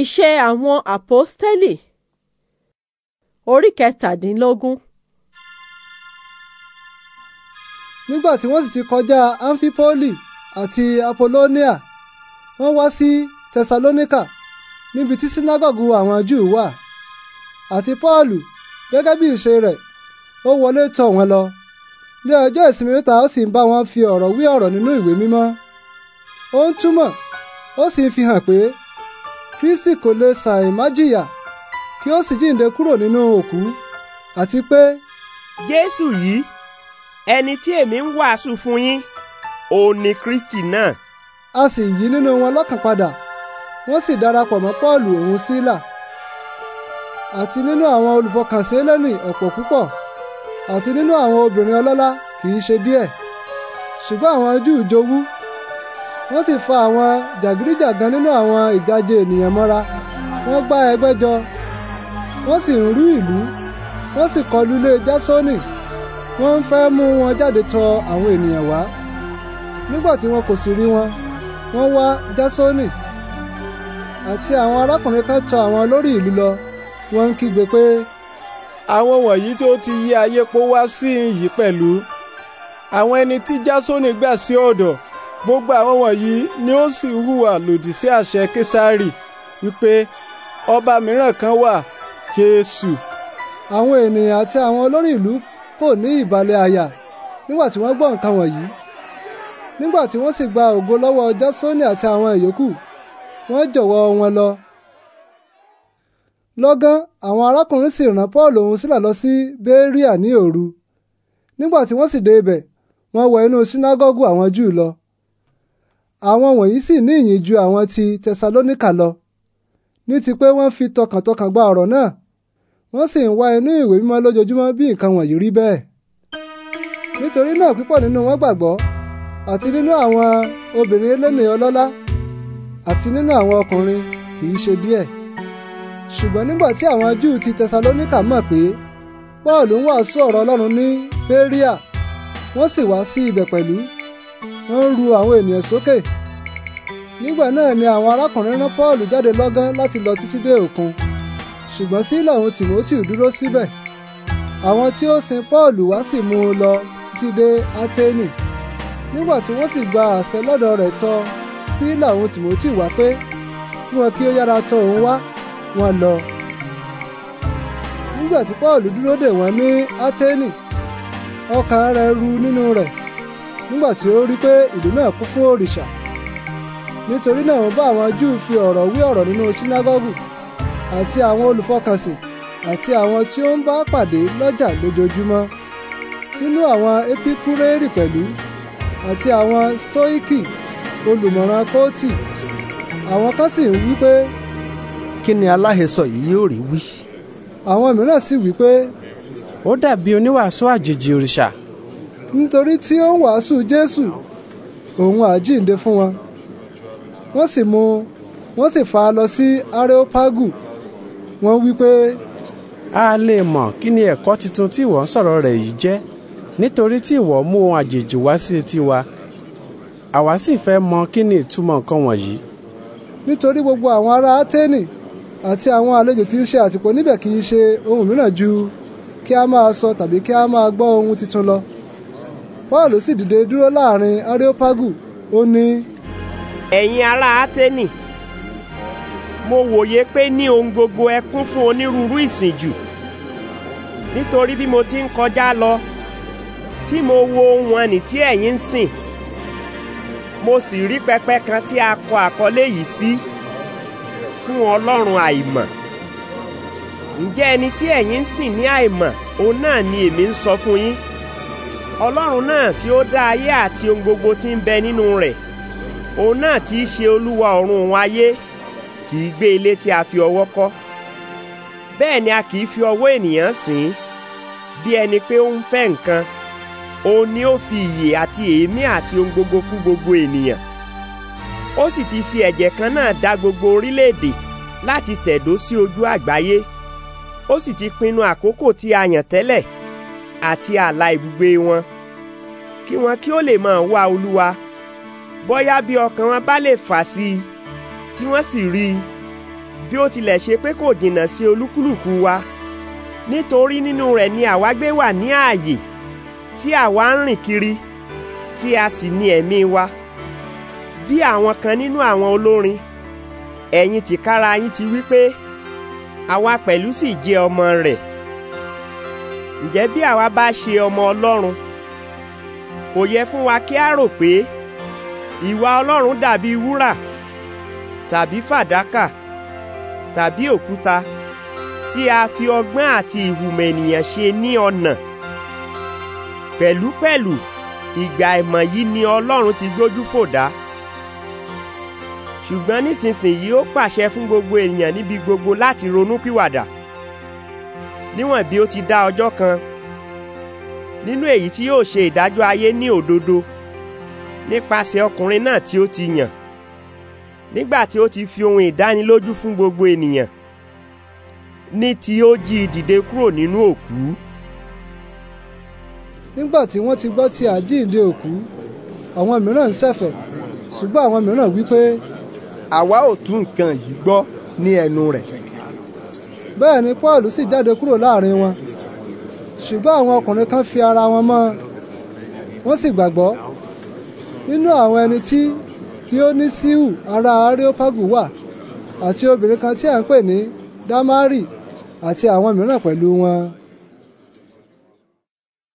Iṣẹ́ àwọn Àpọ́stélì orí kẹtàdínlógún. Nígbà tí wọ́n sì ti kọjá Amfipoli àti Apolóníà, wọ́n wá sí Tẹsalóníkà níbi tí sínágọ́gù àwọn Júù wà. Àti Pọ́ọ̀lù gẹ́gẹ́ bí ìṣe rẹ̀, ó wọlé tọ̀ wọ́n lọ. Ní ọjọ́ ìsinmi mẹ́ta ó sì ń bá wọn fi ọ̀rọ̀ wí ọ̀rọ̀ nínú ìwé mímọ́. Ó ń túmọ̀, ó sì ń fi hàn pé Kristi kò lè ṣàì má jìyà kí ó sì jíǹde kúrò nínú òkú àti pé. Jésù yìí ẹni tí èmi ń wàásù fún yín òun ni Kristi náà. A sì yí nínú wọn lọ́kàn padà wọ́n sì darapọ̀ mọ́ Pọ́ọ̀lù òun Sílà àti nínú àwọn olùfọkànsìn lẹ́nì ọ̀pọ̀ púpọ̀ àti nínú àwọn obìnrin ọlọ́lá kì í ṣe díẹ̀ ṣùgbọ́n àwọn Júù jowú wọ́n sì fa àwọn jàgídíjàgan nínú àwọn ìjàjẹ ènìyàn mọ́ra wọ́n gbá ẹgbẹ́ jọ wọ́n sì ń rú ìlú wọ́n sì kọlu ilé jásónì wọ́n ń fẹ́ mú wọn jáde tọ àwọn ènìyàn wá nígbà tí wọn kò sì rí wọn wọ́n wá jásónì àti àwọn arákùnrin kan tọ àwọn olórí ìlú lọ wọ́n ń kígbe pé. àwọn wọ̀nyí tó ti yí ayé po wá sí ìyí pẹ̀lú àwọn ẹni tí jásónì gbà sí ọ̀dọ̀ gbogbo àwọn wọ̀nyí ni ó sì hùwà lòdì sí àṣẹ késárì wípé ọba mìíràn kan wà jésù. àwọn ènìyàn àti àwọn olórí ìlú kò ní ìbàlẹ̀ àyà nígbà tí wọ́n gbọ́ nǹkan wọ̀nyí nígbà tí wọ́n sì gba ògo lọ́wọ́ jásónì àti àwọn ìyókù wọ́n jọ̀wọ́ wọn lọ. lọ́gán àwọn arákùnrin sì rán paul òun sílà lọ sí bẹ́ríà ní òru nígbà tí wọ́n sì dé ibẹ̀ wọ́n wọ inú sínágọ́gù àwọn júù lọ àwọn wọ̀nyí sì ní ìyìn ju àwọn ti Tẹsalóníkà lọ ní ti pé wọ́n fi tọkàntọkàn gba ọ̀rọ̀ náà wọ́n sì ń wá inú ìwé mímọ́ lójoojúmọ́ bí nǹkan wọ̀nyí rí bẹ́ẹ̀ nítorí náà púpọ̀ nínú wọn gbàgbọ́ àti nínú àwọn obìnrin eléni ọlọ́lá àti nínú àwọn ọkùnrin kì í ṣe díẹ̀ ṣùgbọ́n nígbà tí àwọn Júù ti Tẹsalóníkà mọ̀ pé Paul ń wàásù ọ̀rọ̀ Ọlọ́run ní Péríà wọ́n sì wá sí ibẹ̀ pẹ̀lú wọ́n ń ru àwọn ènìyàn sókè nígbà náà ni àwọn arákùnrin rán Pọ́ọ̀lù jáde lọ́gán láti lọ títí dé òkun ṣùgbọ́n Sílà òun Tìmótì dúró síbẹ̀ àwọn tí ó sin Pọ́ọ̀lù wá sì mú un lọ títí dé Áténì nígbà tí wọ́n sì gba àṣẹ lọ́dọ̀ rẹ̀ tọ̀ Sílà òun Tìmótì wá pé kí wọn kí ó yára tọ̀ òun wá wọn lọ nígbà tí Pọ́ọ̀lù dúró dè wọ́n ní Áténì ọkàn rẹ̀ ru nínú rẹ̀ nígbà tí ó rí pé ìlú náà kún fún òrìṣà nítorí náà ó bá àwọn júù fi ọ̀rọ̀ wí ọ̀rọ̀ nínú sínágọ́gù àti àwọn olùfọkànsìn àti àwọn tí ó ń bá pàdé lọ́jà lójoojúmọ́ nínú àwọn epikureeri pẹ̀lú àti àwọn stoiki olùmọ̀ràn kóòtì àwọn kan sì ń wí pé. kí ni aláhesọ yìí yóò rí wí. àwọn mìíràn sì wí pé. ó dàbí oníwàásù àjèjì òrìṣà nítorí tí ó ń wàásù Jésù òun àjíǹde fún wọn wọ́n sì mú wọ́n sì fà á lọ sí Areopagu wọ́n wí pé. a lè mọ̀ kí ni ẹ̀kọ́ tuntun tí ìwọ ń sọ̀rọ̀ rẹ̀ yìí jẹ́ nítorí tí ìwọ mú ohun àjèjì wá sí tiwa àwa sì fẹ́ mọ̀ kí ni ìtumọ̀ nǹkan wọ̀nyí. nítorí gbogbo àwọn ará Áténì àti àwọn àlejò tí ń ṣe àtìpó níbẹ̀ kì í ṣe ohun mìíràn ju kí a máa sọ tàbí kí a máa gbọ́ ohun tuntun lọ. paul sì dìde dúró láàrin areopagu ó ní. ẹ̀yin ará atẹ́nì mo wòye pé ní ohun gbogbo ẹ kún fún onírúurú ìsìnjù nítorí bí mo ti ń kọjá lọ tí mo wo ohun ẹnì tí ẹ̀yin ń sìn mo sì rí pẹpẹ kan tí a kọ àkọlé yìí sí fún ọlọ́run àìmọ̀ ǹjẹ́ ẹni tí ẹ̀yin ń sìn ní àìmọ̀ òun náà ni èmi ń sọ fún yín. ọlọ́run náà tí ó dá ayé àti ohun gbogbo tí ń bẹ nínú rẹ̀ òun náà tí í ṣe olúwa ọ̀run ayé kì í gbé ilé tí a fi ọwọ́ kọ́ bẹ́ẹ̀ ni a kì í fi ọwọ́ ènìyàn sìn bí ẹni pé ó ń fẹ́ nǹkan òun ni ó fi ìyè àti èémí àti ohun gbogbo fún gbogbo ènìyàn ó sì ti fi ẹ̀jẹ̀ kan náà dá gbogbo orílẹ̀-èdè láti tẹ̀dó sí ojú àgbáyé ó sì ti pinnu àkókò tí a yàn tẹ́lẹ̀ àti ààlà ibùgbé wọn kí wọn kí ó lè máa wá olúwa bóyá bí ọkàn wọn bá lè fà sí i tí wọ́n sì rí i bí ó tilẹ̀ ṣe pé kò jìnnà sí olúkúlùkù wa nítorí nínú rẹ̀ ni àwa gbé wà ní ààyè tí àwa ń rìn kiri tí a sì ní ẹ̀mí wa bí àwọn kan nínú àwọn olórin ẹ̀yin tìkára yín ti wí pé àwa pẹ̀lú sì jẹ́ ọmọ rẹ̀ ǹjẹ́ bí àwa bá ṣe ọmọ Ọlọ́run kò yẹ fún wa kí a rò pé ìwà Ọlọ́run dàbí wúrà tàbí fàdákà tàbí òkúta tí a fi ọgbọ́n àti ìhùmọ̀ ènìyàn ṣe ní ọ̀nà pẹ̀lúpẹ̀lú ìgbà ìmọ̀ yìí ni Ọlọ́run ti gbójú fò dá ṣùgbọ́n nísinsìnyí ó pàṣẹ fún gbogbo ènìyàn níbi gbogbo láti ronú pìwàdà níwọ̀n bí ó ti dá ọjọ́ kan nínú èyí tí yóò ṣe ìdájọ́ ayé ní òdodo nípasẹ̀ ọkùnrin náà tí ó ti yàn nígbà tí ó ti fi ohun ìdánilójú fún gbogbo ènìyàn ní tí ó jí i dìde kúrò nínú òkú. nígbà tí wọ́n ti gbọ́ ti àjíǹde òkú àwọn mìíràn ń ṣẹ̀fẹ̀ ṣùgbọ́n àwọn mìíràn wí pé. àwa ò tún nǹkan yìí gbọ́ ní ẹnu rẹ̀ bẹ́ẹ̀ ni Paul sì jáde kúrò láàrin wọn ṣùgbọ́n àwọn ọkùnrin kan fi ara wọn mọ́ wọ́n sì gbàgbọ́ nínú àwọn ẹni tí Dionisiu ará Areopagu wà àti obìnrin kan tí à ń pè ní Damari àti àwọn mìíràn pẹ̀lú wọn.